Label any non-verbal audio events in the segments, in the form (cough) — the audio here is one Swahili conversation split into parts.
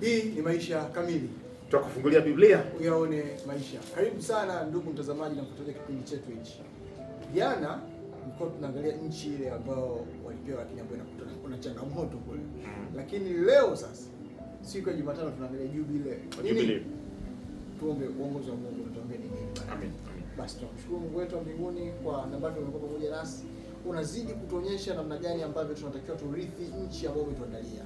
Hii ni Maisha Kamili, tutakufungulia Biblia uyaone maisha. Karibu sana ndugu mtazamaji na mfuatiliaji kipindi chetu hichi. Jana mko tunaangalia nchi ile ambayo walipewa, lakini ambayo inakutana kuna changamoto kule, mm-hmm. lakini leo sasa, siku ya Jumatano tunaangalia jubilee. Jubilee tuombe uongozi wa Mungu, tuombe nini? Amen. Basi tunamshukuru Mungu wetu wa mbinguni kwa namna umekuwa pamoja nasi, unazidi kutuonyesha namna gani ambavyo tunatakiwa turithi nchi ambayo umetuandalia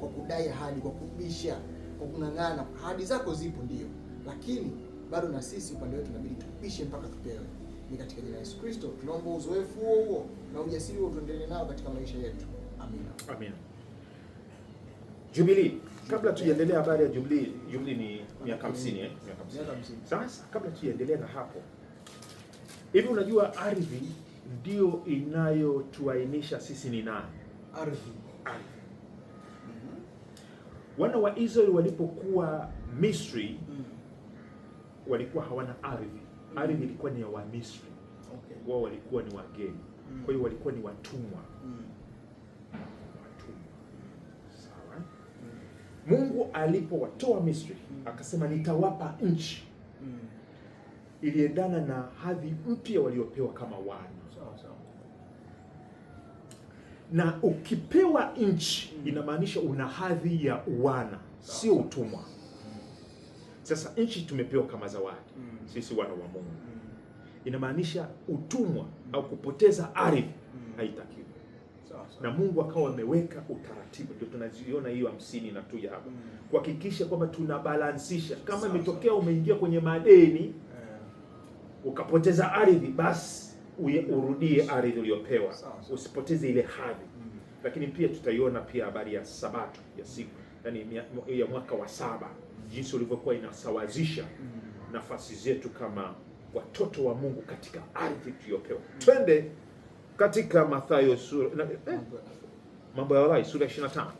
kwa kudai ahadi, kwa kubisha, kwa kung'ang'ana. Ahadi zako zipo ndio, lakini bado na sisi upande wetu inabidi tubishe mpaka tupewe. Ni katika jina la Yesu Kristo tunaomba uzoefu huo huo na ujasiri huo tuendelee nao katika maisha yetu. Amina, amina. Jubilee, kabla tujaendelea habari ya Jubilee, Jubilee ni miaka 50 eh, miaka 50. Sasa kabla tujaendelea na hapo, hivi unajua ardhi ndio inayotuainisha sisi ni nani? Ardhi, ardhi wana wa Israeli walipokuwa Misri mm. walikuwa hawana ardhi mm. ardhi ilikuwa ni ya Wamisri okay. wao walikuwa ni wageni mm. kwa hiyo walikuwa ni watumwa mm. watumwa mm. sawa mm. Mungu alipowatoa Misri mm. akasema nitawapa nchi mm. iliendana na hadhi mpya waliopewa kama wana na ukipewa nchi inamaanisha una hadhi ya uwana, sio utumwa. Sasa nchi tumepewa kama zawadi mm. sisi wana wa Mungu, mm. inamaanisha utumwa au kupoteza ardhi mm. haitakiwi na Mungu akawa ameweka utaratibu, ndio tunaziona hiyo hamsini na tuja hapa kuhakikisha kwamba tunabalansisha. Kama imetokea umeingia kwenye madeni eh. ukapoteza ardhi, basi urudie ardhi uliyopewa, usipoteze ile hadhi. Mm-hmm. Lakini pia tutaiona pia habari ya sabato ya siku yani ya mwaka wa saba, jinsi ulivyokuwa inasawazisha mm-hmm. nafasi zetu kama watoto wa Mungu katika ardhi tuliyopewa. Twende katika Mathayo sura eh, Mambo ya Walawi sura 25 eh.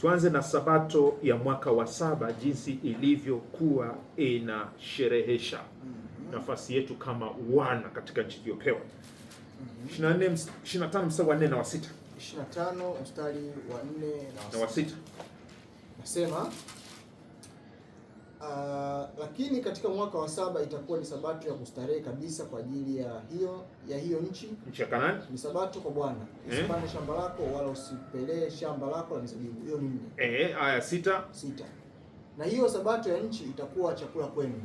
tuanze na sabato ya mwaka wa saba, jinsi ilivyokuwa inasherehesha mm nafasi yetu kama wana katika nchi iliyopewa. 24 25 mstari wa 4 na wa 6. 25 mstari wa 4 na wa 6. Nasema Uh, lakini katika mwaka wa saba itakuwa ni sabato ya kustarehe kabisa kwa ajili ya hiyo ya hiyo nchi nchi ya Kanaani, ni sabato kwa Bwana. Usipande eh, shamba lako wala usipelee shamba lako la mizabibu. Hiyo ni nne, eh, aya sita sita. Na hiyo sabato ya nchi itakuwa chakula kwenu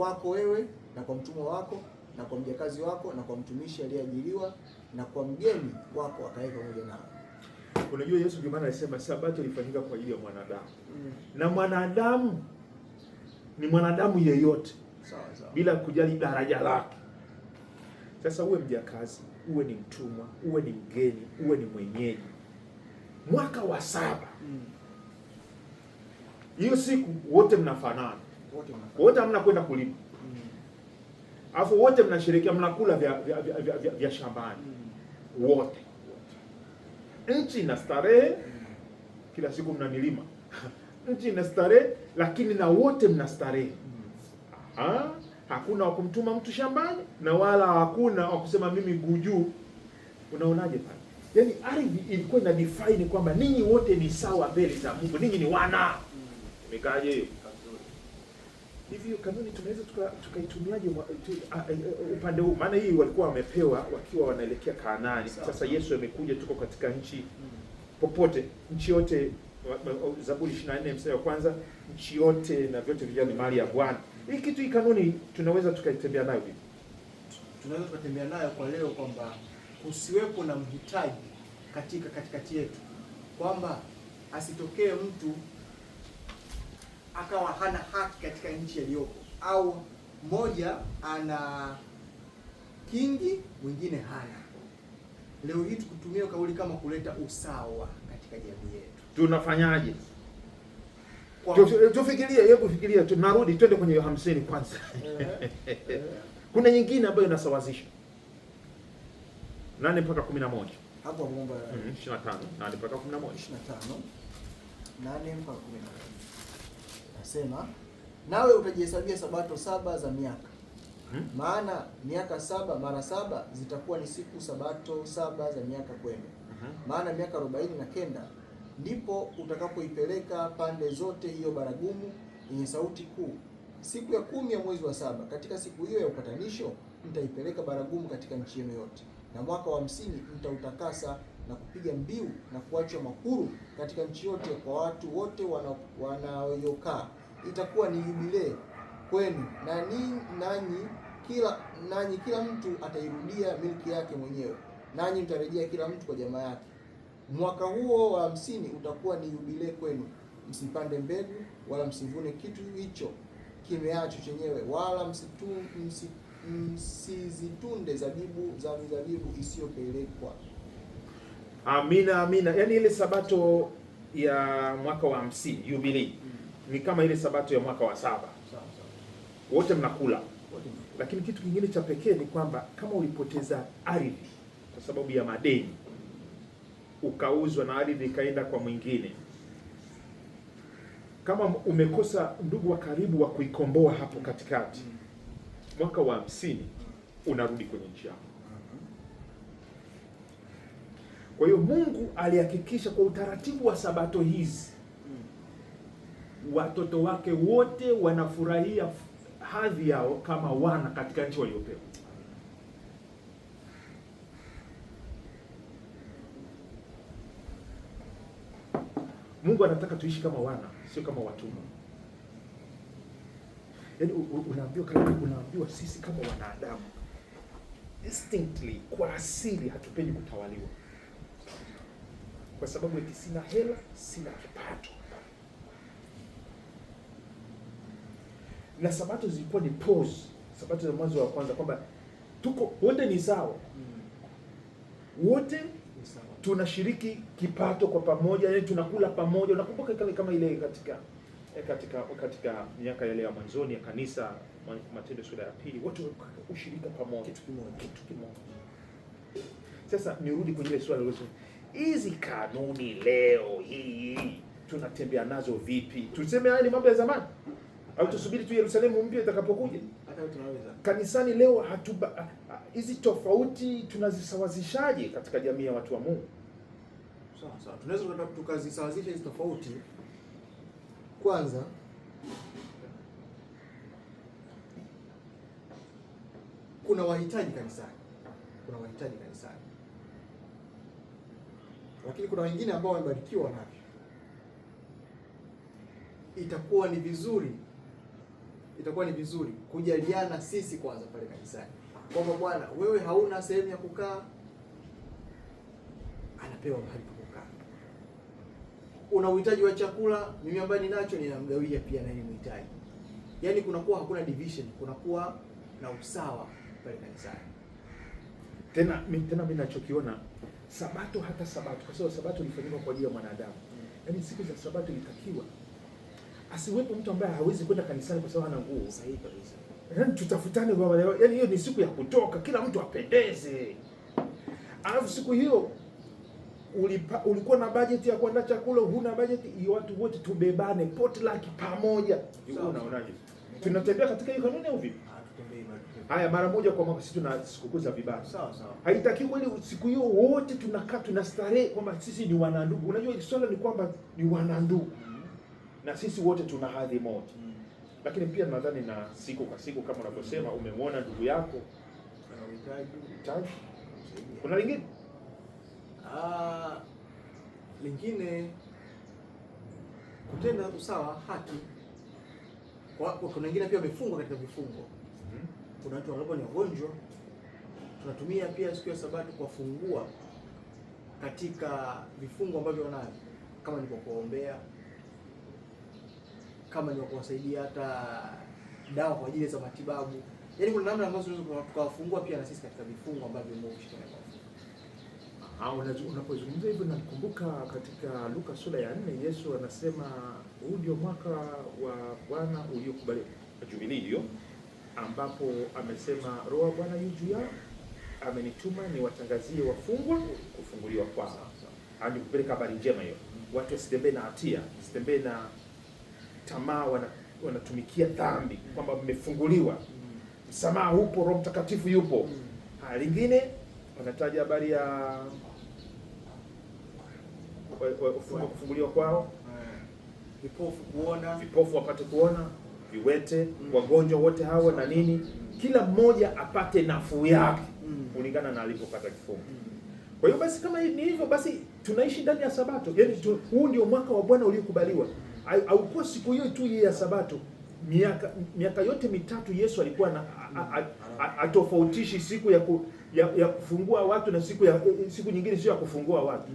kwako wewe na kwa mtumwa wako na kwa mjakazi wako na kwa mtumishi aliyeajiriwa na kwa mgeni wako akae pamoja nao. Unajua Yesu ndio maana alisema sabato ilifanyika kwa ajili ya mwanadamu mm. na mwanadamu ni mwanadamu yeyote sawa, sawa. bila kujali daraja lake. Sasa uwe mjakazi, uwe ni mtumwa, uwe ni mgeni, uwe ni mwenyeji, mwaka wa saba mm. hiyo siku wote mnafanana wote hamna kwenda kulima, mm. alafu wote mnasherekea, mnakula vya vya, vya, vya, vya, vya shambani mm. wote, nchi ina starehe, mm. kila siku mna milima (laughs) nchi ina starehe, lakini na wote mna starehe. ha? hakuna wa kumtuma mtu shambani na wala hakuna wa kusema mimi gujuu. Unaonaje pale? Yaani ardhi ilikuwa ina define kwamba ninyi wote ni sawa mbele za Mungu, ninyi ni wana. Imekaaje hiyo? hivi hiyo kanuni tunaweza tukaitumiaje tuka upande huu? Maana hii walikuwa wamepewa wakiwa wanaelekea Kanaani. Sasa Yesu amekuja, tuko katika nchi popote, nchi yote. Zaburi 24 mstari wa kwanza, nchi yote na vyote vijao ni mali ya Bwana. Hii kitu hii kanuni tunaweza tukaitembea nayo vipi? Tunaweza tukatembea nayo kwa leo kwamba kusiwepo na mhitaji katika katikati yetu, kwamba asitokee mtu akawa hana haki katika nchi aliyopo, au mmoja ana kingi mwingine hana. Leo hii tukutumia kauli kama kuleta usawa katika jamii yetu, tunafanyaje? Tufikirie, hebu fikiria, tunarudi twende kwenye hiyo hamsini kwanza. (laughs) Kuna nyingine ambayo inasawazisha nane mpaka kumi na moja hapo mwomba mm-hmm, ishirini na tano nane mpaka kumi na moja ishirini na tano nane mpaka kumi na moja akasema, nawe utajihesabia sabato saba za miaka hmm? maana miaka saba mara saba zitakuwa ni siku sabato saba za miaka kwenu -huh. Hmm? maana miaka arobaini na kenda ndipo utakapoipeleka pande zote hiyo baragumu yenye sauti kuu. Siku ya kumi ya mwezi wa saba katika siku hiyo ya upatanisho mtaipeleka baragumu katika nchi yenu yote, na mwaka wa hamsini mtautakasa na kupiga mbiu na kuachwa mahuru katika nchi yote kwa watu wote wanayokaa itakuwa ni jubilei kwenu na ninyi nanyi kila nanyi kila mtu atairudia milki yake mwenyewe, nanyi mtarejea kila mtu kwa jamaa yake. Mwaka huo wa hamsini utakuwa ni jubilei kwenu, msipande mbegu wala msivune kitu hicho kimeacho chenyewe, wala msitu, msi, msizitunde zabibu za mizabibu isiyopelekwa. Amina, amina. Yaani ile sabato ya mwaka wa hamsini jubilei mm ni kama ile sabato ya mwaka wa saba, wote mnakula. Lakini kitu kingine cha pekee ni kwamba kama ulipoteza ardhi kwa sababu ya madeni, ukauzwa na ardhi ikaenda kwa mwingine, kama umekosa ndugu wa karibu wa kuikomboa hapo katikati, mwaka wa hamsini unarudi kwenye nchi yako. Kwa hiyo Mungu alihakikisha kwa utaratibu wa sabato hizi watoto wake wote wanafurahia hadhi yao kama wana katika nchi waliopewa. Mungu anataka tuishi kama wana, sio kama watumwa. Yaani unaambiwa unaambiwa sisi kama wanadamu distinctly, kwa asili hatupendi kutawaliwa, kwa sababu eti sina hela, sina kipato na sabato zilikuwa ni pause, sabato za mwanzo wa kwanza, kwamba tuko wote ni sawa, mm. wote tunashiriki kipato kwa pamoja, yani tunakula pamoja. Unakumbuka kama ile katika katika katika miaka yale ya mwanzoni ya kanisa, Matendo sura ya pili, wote ushirika pamoja, kitu kimoja, kitu kimoja. Sasa nirudi kwenye ile swali lolote, hizi kanuni leo hii tunatembea nazo vipi? Tuseme haya ni mambo ya zamani? au tusubiri tu Yerusalemu mpya itakapokuja? Kanisani leo hatuba ah, ah, hizi tofauti tunazisawazishaje katika jamii ya watu wa Mungu? Sawa sawa, tunaweza tukazisawazisha hizi tofauti kwanza kuna wahitaji kanisani, kuna wahitaji kanisani, lakini kuna wengine ambao wamebarikiwa navyo. Itakuwa ni vizuri itakuwa ni vizuri kujaliana sisi kwanza pale kanisani kwamba bwana, wewe hauna sehemu ya kukaa, anapewa mahali pa kukaa. Una uhitaji wa chakula, mimi ambaye ninacho ninamgawia pia naye mhitaji. Yaani kunakuwa hakuna division, kunakuwa na usawa pale kanisani. Tena mimi tena mimi ninachokiona sabato, hata sabato, kwa sababu sabato ilifanyika kwa ajili ya mwanadamu, mm. yaani siku za sabato ilitakiwa asiwepo mtu ambaye hawezi kwenda kanisani kwa sababu ana nguo. Sahihi kabisa. Yaani tutafutane baba leo. Yaani hiyo ni siku ya kutoka, kila mtu apendeze. Alafu siku hiyo ulipa, ulikuwa na bajeti ya kuandaa chakula, huna bajeti, watu wote tubebane potluck pamoja. Hiyo unaonaje? Tunatembea katika hiyo kanuni au vipi? Ah, Haya, mara moja kwa mwaka sisi tuna sikukuu za vibanda. Sawa sawa. Haitaki kweli siku hiyo wote tunakaa tunastarehe kwamba sisi ni wanandugu. Unajua swala ni kwamba ni wanandugu na sisi wote tuna hadhi moja mm. Lakini pia nadhani na siku kwa siku kama unavyosema, mm. umemwona ndugu yako anahitaji. Kuna lingine ah, lingine kutenda usawa, haki. Kuna wengine pia wamefungwa katika vifungo mm. Kuna watu ambao ni wagonjwa, tunatumia pia siku ya Sabato kuwafungua katika vifungo ambavyo wanavyo kama ni kwa kuwaombea kama ni kuwasaidia hata dawa kwa ajili za matibabu, yaani kuna namna ambazo tukawafungua pia na sisi katika vifungo ambavyo ah, Unapozungumza hivyo nakumbuka katika Luka sura ya nne Yesu anasema huu ndio mwaka wa Bwana uliokubaliwa, jubilii hiyo, ambapo amesema Roho wa Bwana yu juu yangu, amenituma niwatangazie wafungwa kufunguliwa kwao, ah, kupeleka habari njema hiyo, mm. watu wasitembee na hatia, wasitembee na tamaa wana, dhambi kwamba mmefunguliwa, msamaha upo, Roho Mtakatifu yupo. Haya, lingine wanataja habari ya kufunguliwa kwao, vipofu kuona, vipofu wapate kuona, viwete, mm. wagonjwa wote hawa na nini, kila mmoja apate nafuu yake mm. kulingana na alipopata kifungo. Kwa hiyo basi, kama ni hivyo basi, tunaishi ndani ya Sabato, yaani huu ndio mwaka wa Bwana uliokubaliwa haukuwa siku hiyo tu ya Sabato. Miaka miaka yote mitatu Yesu alikuwa na atofautishi siku ya, ku, ya, ya kufungua watu na siku ya e, siku nyingine sio ya kufungua watu.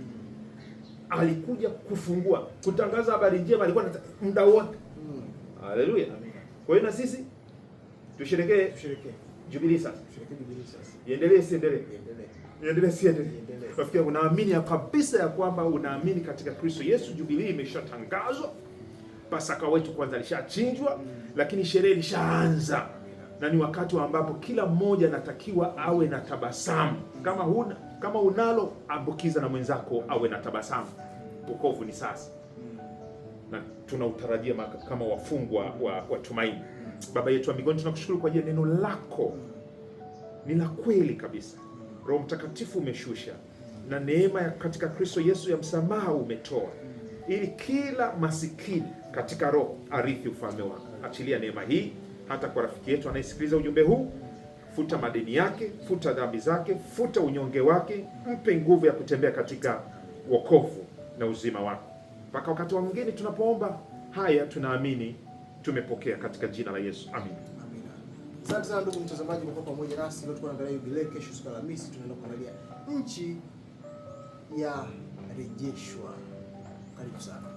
Alikuja kufungua, kutangaza habari njema, alikuwa muda wote. Haleluya. Kwa hiyo na sisi tusherekee tusherekee Jubilee sasa. Tusherekee Jubilee sasa. Iendelee siendelee. Iendelee. Iendelee siendelee. Rafiki yangu, naamini kabisa ya kwamba unaamini katika Kristo Yesu. Jubilee imeshatangazwa. Pasaka wetu kwanza lishachinjwa, mm. lakini sherehe ilishaanza na ni wakati wa ambapo kila mmoja anatakiwa awe na tabasamu. Mm. Kama huna kama unalo ambukiza na mwenzako awe na tabasamu. Wokovu ni sasa, mm. na tunautarajia kama wafungwa wa, wa tumaini. Baba yetu wa mbinguni, tunakushukuru kwa ajili neno lako ni la kweli kabisa. Roho Mtakatifu umeshusha na neema katika Kristo Yesu ya msamaha umetoa ili kila masikini katika roho arithi ufalme wako. Achilia neema hii hata kwa rafiki yetu anayesikiliza ujumbe huu. Futa madeni yake, futa dhambi zake, futa unyonge wake, mpe nguvu ya kutembea katika wokovu na uzima wako. Mpaka wakati wa mwingine tunapoomba haya, tunaamini tumepokea katika jina la Yesu, amina. Asante sana ndugu mtazamaji, umekuwa pamoja nasi leo. Tunaangalia Jubilei, kesho siku ya Alhamisi tunaenda kuangalia nchi ya rejeshwa. かりました